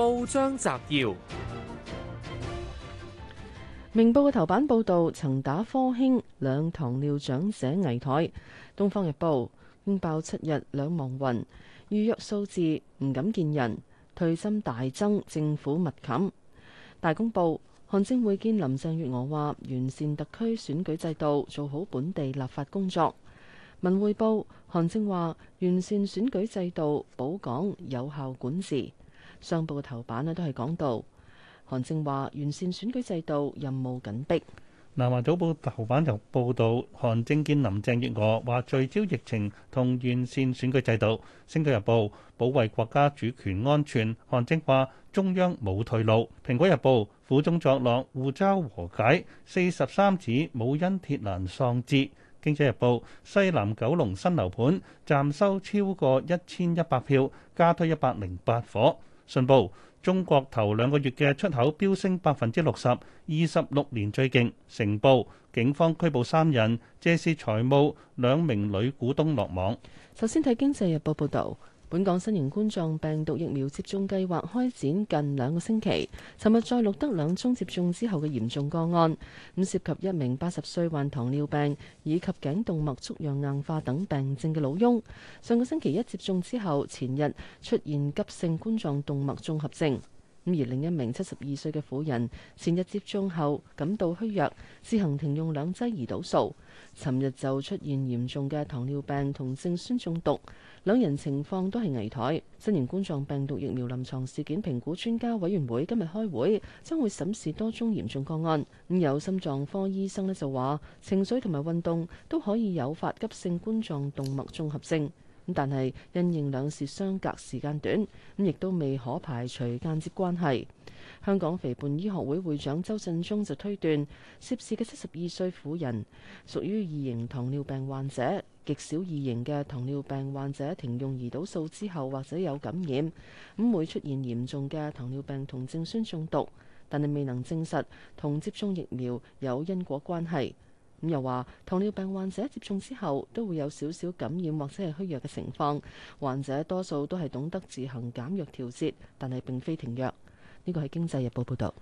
報章摘要：明報嘅頭版報道，曾打科興兩糖尿長者危殆。東方日報驚爆七日兩亡云預約數字唔敢見人，退針大增，政府密冚。大公報韓正會見林鄭月娥，話完善特區選舉制度，做好本地立法工作。文匯報韓正話完善選舉制度，保港有效管治。上報嘅頭版咧，都係講到韓正話完善選舉制度任務緊迫。南華早報頭版就報導韓正見林鄭月娥，話聚焦疫情同完善選舉制度。星島日報，保衞國家主權安全，韓正話中央冇退路。蘋果日報，苦中作樂互嘲和解，四十三子冇因鐵欄喪志。經濟日報，西南九龍新樓盤暫收超過一千一百票，加推一百零八伙。信報：中國頭兩個月嘅出口飆升百分之六十，二十六年最勁。成報：警方拘捕三人，借視財務兩名女股東落網。首先睇經濟日報報道。本港新型冠狀病毒疫苗接種計劃開展近兩個星期，尋日再錄得兩宗接種之後嘅嚴重個案，咁涉及一名八十歲患糖尿病以及頸動脈粥樣硬化等病症嘅老翁，上個星期一接種之後，前日出現急性冠狀動脈綜合症。而另一名七十二歲嘅婦人前日接種後感到虛弱，自行停用兩劑胰島素，尋日就出現嚴重嘅糖尿病酮症酸中毒，兩人情況都係危殆。新型冠狀病毒疫苗臨床事件評估專家委員會今日開會，將會審視多宗嚴重個案。咁有心臟科醫生咧就話，情緒同埋運動都可以誘發急性冠狀動脈綜合症。但係因應兩事相隔時間短，咁亦都未可排除間接關係。香港肥胖醫學會會長周振中就推斷，涉事嘅七十二歲婦人屬於二型糖尿病患者，極少二型嘅糖尿病患者停用胰島素之後或者有感染，咁會出現嚴重嘅糖尿病酮症酸中毒，但係未能證實同接種疫苗有因果關係。咁又話糖尿病患者接種之後都會有少少感染或者係虛弱嘅情況，患者多數都係懂得自行減藥調節，但係並非停藥。呢個係《經濟日報》報道。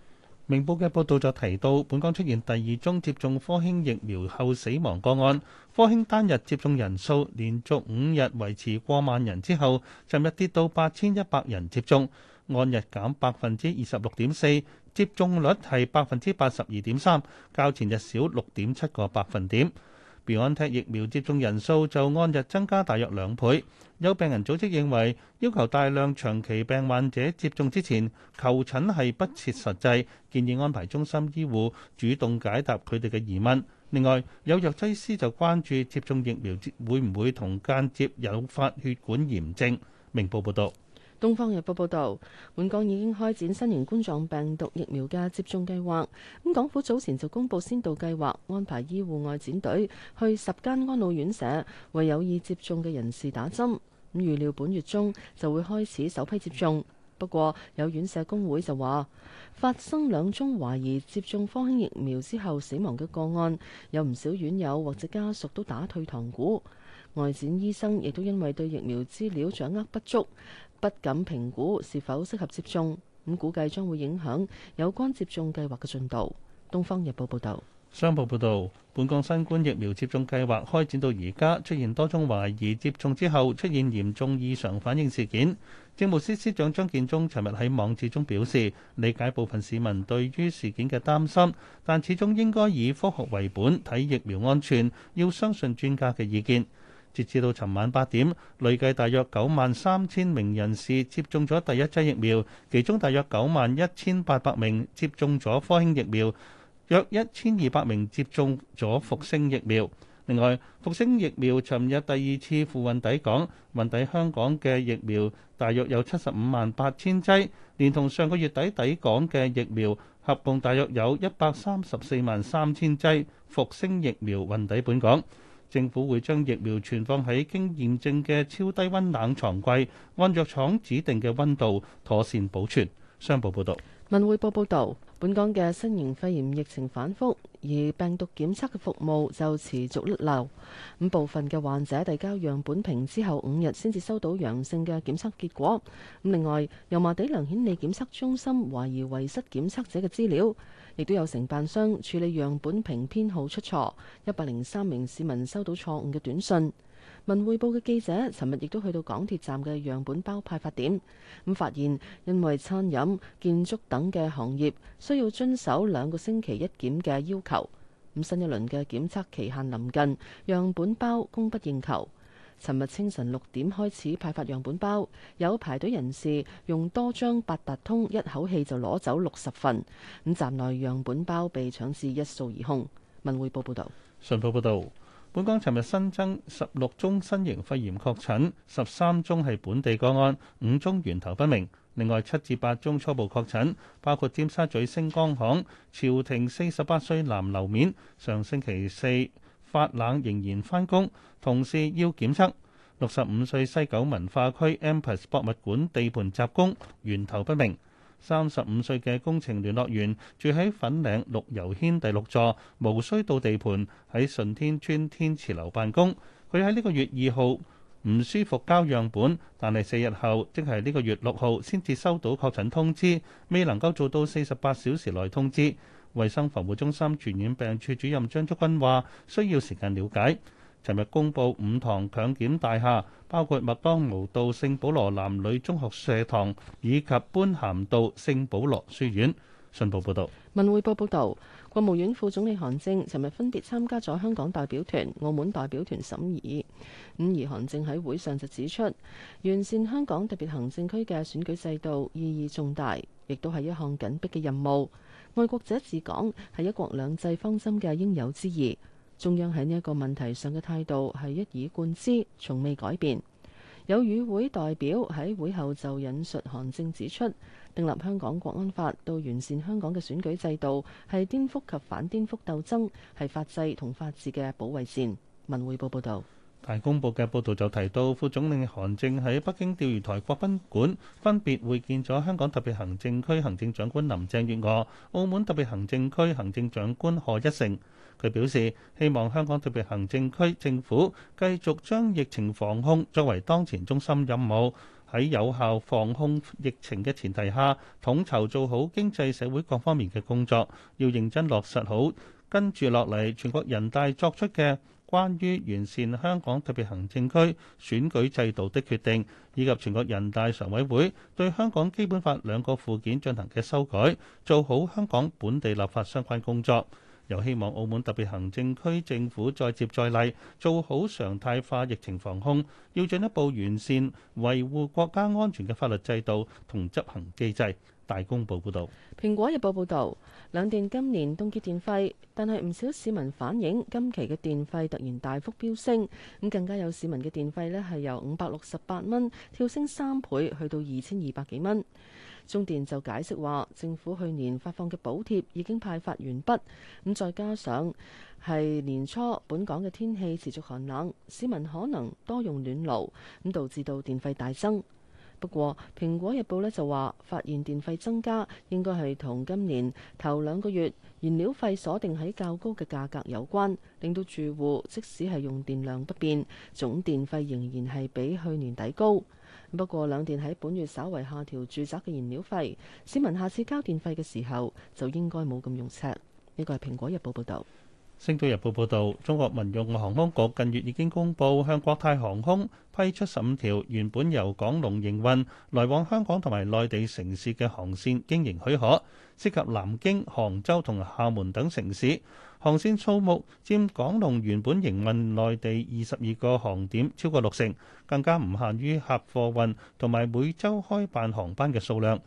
明報嘅報道就提到，本港出現第二宗接種科興疫苗後死亡個案，科興單日接種人數連續五日維持過萬人之後，尋日跌到八千一百人接種，按日減百分之二十六點四。接種率係百分之八十二點三，較前日少六點七個百分點。BioNTech 疫苗接種人數就按日增加大約兩倍。有病人組織認為，要求大量長期病患者接種之前求診係不切實際，建議安排中心醫護主動解答佢哋嘅疑問。另外，有藥劑師就關注接種疫苗會唔會同間接誘發血管炎症。明報報道。《東方日報》報導，本港已經開展新型冠狀病毒疫苗嘅接種計劃。咁，港府早前就公布先導計劃，安排醫護外展隊去十間安老院舍為有意接種嘅人士打針。咁預料本月中就會開始首批接種。不過，有院舍公會就話，發生兩宗懷疑接種科興疫苗之後死亡嘅個案，有唔少院友或者家屬都打退堂鼓。外展醫生亦都因為對疫苗資料掌握不足。不敢評估是否適合接種，咁估計將會影響有關接種計劃嘅進度。《東方日報》報道，商報報道本港新冠疫苗接種計劃開展到而家，出現多宗懷疑接種之後出現嚴重異常反應事件。政務司司長張建宗尋日喺網誌中表示，理解部分市民對於事件嘅擔心，但始終應該以科學為本，睇疫苗安全，要相信專家嘅意見。截至到尋晚八點，累計大約九萬三千名人士接種咗第一劑疫苗，其中大約九萬一千八百名接種咗科興疫苗，約一千二百名接種咗復星疫苗。另外，復星疫苗尋日第二次付運抵港，運抵香港嘅疫苗大約有七十五萬八千劑，連同上個月底抵港嘅疫苗，合共大約有一百三十四萬三千劑復星疫苗運抵本港。政府會將疫苗存放喺經驗證嘅超低溫冷藏櫃，按藥廠指定嘅溫度妥善保存。商報報導，文匯報報道：本港嘅新型肺炎疫情反覆。而病毒檢測嘅服務就持續甩漏，咁部分嘅患者遞交樣本瓶之後五日先至收到陽性嘅檢測結果。咁另外，油麻地梁顯利檢測中心懷疑遺失檢測者嘅資料，亦都有承辦商處理樣本瓶編號出錯，一百零三名市民收到錯誤嘅短信。文匯報嘅記者尋日亦都去到港鐵站嘅樣本包派發點，咁發現因為餐飲、建築等嘅行業需要遵守兩個星期一檢嘅要求，咁新一輪嘅檢測期限臨近，樣本包供不應求。尋日清晨六點開始派發樣本包，有排隊人士用多張八達通一口氣就攞走六十份，咁站內樣本包被搶至一掃而空。文匯報報道，信報報道。本港尋日新增十六宗新型肺炎確診，十三宗係本地個案，五宗源頭不明。另外七至八宗初步確診，包括尖沙咀星光行、朝廷四十八歲南樓面，上星期四發冷仍然返工，同事要檢測。六十五歲西九文化區 M+ 博物館地盤雜工，源頭不明。三十五歲嘅工程聯絡員住喺粉嶺綠油軒第六座，無需到地盤，喺順天邨天池樓辦公。佢喺呢個月二號唔舒服交樣本，但係四日後，即係呢個月六號先至收到確診通知，未能夠做到四十八小時內通知。衞生防護中心傳染病處主任張竹君話：需要時間了解。尋日公布五堂強檢大廈，包括麥當勞道聖保羅男女中學社堂以及般咸道聖保羅書院。信報報道：「文匯報報道，國務院副總理韓正尋日分別參加咗香港代表團、澳門代表團審議。咁而韓正喺會上就指出，完善香港特別行政區嘅選舉制度意義重大，亦都係一項緊迫嘅任務。愛國者治港係一國兩制方針嘅應有之義。中央喺呢一個問題上嘅態度係一以貫之，從未改變。有與會代表喺會後就引述韓正指出，訂立香港國安法到完善香港嘅選舉制度，係顛覆及反顛覆鬥爭，係法制同法治嘅保衞戰。文匯報報道。大公報嘅報導就提到，副總理韓正喺北京釣魚台國賓館分別會見咗香港特別行政區行政長官林鄭月娥、澳門特別行政區行政長官賀一誠。佢表示，希望香港特別行政區政府繼續將疫情防控作為當前中心任務，喺有效防控疫情嘅前提下，統籌做好經濟社會各方面嘅工作，要認真落實好，跟住落嚟，全國人大作出嘅關於完善香港特別行政區選舉制度的決定，以及全國人大常委會對香港基本法兩個附件進行嘅修改，做好香港本地立法相關工作。又希望澳門特別行政區政府再接再厲，做好常態化疫情防控，要進一步完善維護國家安全嘅法律制度同執行機制。大公報報導，蘋果日報報導，兩電今年凍結電費，但係唔少市民反映，今期嘅電費突然大幅飆升，咁更加有市民嘅電費呢係由五百六十八蚊跳升三倍去到二千二百幾蚊。中電就解釋話，政府去年發放嘅補貼已經派發完畢，咁再加上係年初本港嘅天氣持續寒冷，市民可能多用暖爐，咁導致到電費大增。不過，《蘋果日報》呢就話，發現電費增加應該係同今年頭兩個月燃料費鎖定喺較高嘅價格有關，令到住戶即使係用電量不變，總電費仍然係比去年底高。不過，兩電喺本月稍為下調住宅嘅燃料費，市民下次交電費嘅時候就應該冇咁肉赤。呢個係《蘋果日報》報道。《星島日報》報導，中國民用航空局近月已經公佈向國泰航空批出十五條原本由港龍營運來往香港同埋內地城市嘅航線經營許可，涉及南京、杭州同廈門等城市。航線數目佔港龍原本營運內地二十二個航點超過六成，更加唔限於客貨運同埋每週開辦航班嘅數量。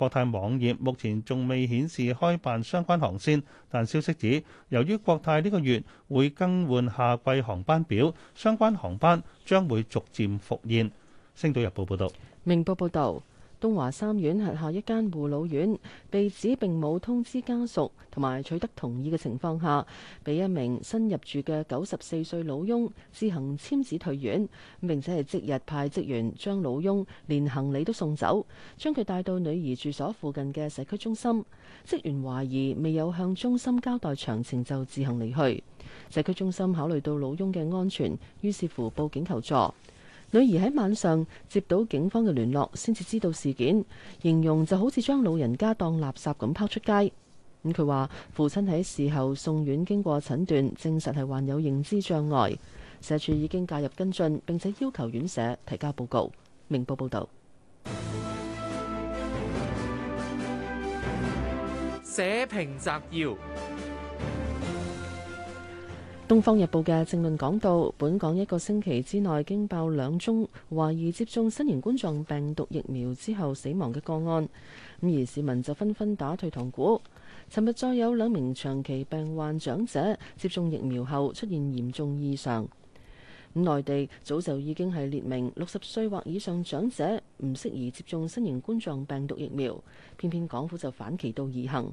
國泰網頁目前仲未顯示開辦相關航線，但消息指，由於國泰呢個月會更換夏季航班表，相關航班將會逐漸復現。星島日報報道，明報報道。東華三院轄下一間護老院被指並冇通知家屬同埋取得同意嘅情況下，俾一名新入住嘅九十四歲老翁自行簽紙退院，並且係即日派職員將老翁連行李都送走，將佢帶到女兒住所附近嘅社區中心。職員懷疑未有向中心交代詳情就自行離去，社區中心考慮到老翁嘅安全，於是乎報警求助。女兒喺晚上接到警方嘅聯絡，先至知道事件，形容就好似將老人家當垃圾咁拋出街。咁佢話父親喺事後送院，經過診斷證實係患有認知障礙，社署已經介入跟進，並且要求院舍提交報告。明報報道，社評摘要。《東方日報》嘅政論講到，本港一個星期之內驚爆兩宗懷疑接種新型冠狀病毒疫苗之後死亡嘅個案，咁而市民就紛紛打退堂鼓。尋日再有兩名長期病患長者接種疫苗後出現嚴重異常，咁內地早就已經係列明六十歲或以上長者唔適宜接種新型冠狀病毒疫苗，偏偏港府就反其道而行。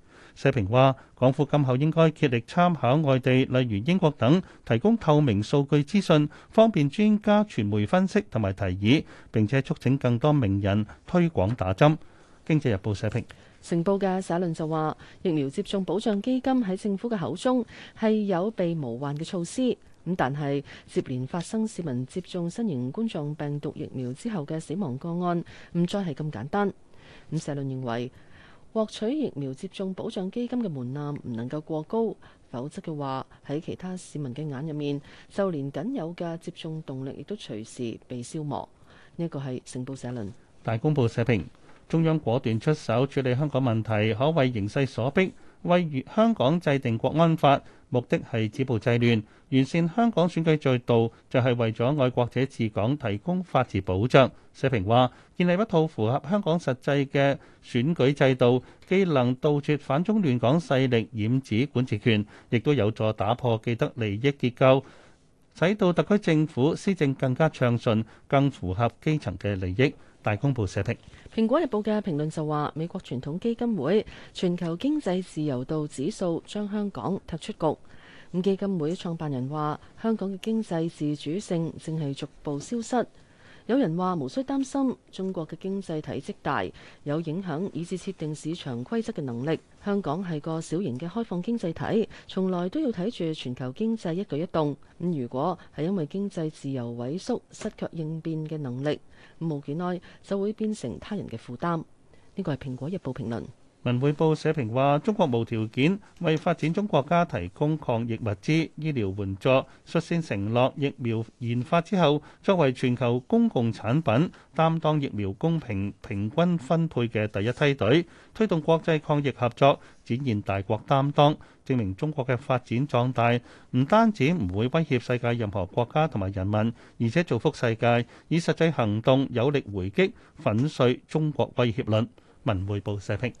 社評話，港府今後應該竭力參考外地，例如英國等，提供透明數據資訊，方便專家、傳媒分析同埋提議，並且促請更多名人推廣打針。《經濟日報》社評，成報嘅社論就話，疫苗接種保障基金喺政府嘅口中係有備無患嘅措施，咁但係接連發生市民接種新型冠狀病毒疫苗之後嘅死亡個案，唔再係咁簡單。咁社論認為。獲取疫苗接種保障基金嘅門檻唔能夠過高，否則嘅話喺其他市民嘅眼入面，就連僅有嘅接種動力亦都隨時被消磨。呢個係《成報社論》，大公報社評：中央果斷出手處理香港問題，可謂形勢所逼。為於香港制定國安法，目的係止暴制亂，完善香港選舉制度，就係、是、為咗愛國者治港提供法治保障。社評話：建立一套符合香港實際嘅選舉制度，既能杜絕反中亂港勢力染指管治權，亦都有助打破既得利益結構，使到特區政府施政更加暢順，更符合基層嘅利益。大公報社評：《蘋果日報》嘅評論就話：美國傳統基金會全球經濟自由度指數將香港踢出局。咁基金會創辦人話：香港嘅經濟自主性正係逐步消失。有人話無需擔心，中國嘅經濟體積大，有影響以至設定市場規則嘅能力。香港係個小型嘅開放經濟體，從來都要睇住全球經濟一舉一動。咁如果係因為經濟自由萎縮，失卻應變嘅能力，冇無幾耐就會變成他人嘅負擔。呢個係《蘋果日報》評論。文匯報社評話：中國無條件為發展中國家提供抗疫物資、醫療援助，率先承諾疫苗研發之後作為全球公共產品，擔當疫苗公平平均分配嘅第一梯隊，推動國際抗疫合作，展現大國擔當，證明中國嘅發展壯大唔單止唔會威脅世界任何國家同埋人民，而且造福世界，以實際行動有力回擊粉碎中國威脅論。文匯報社評。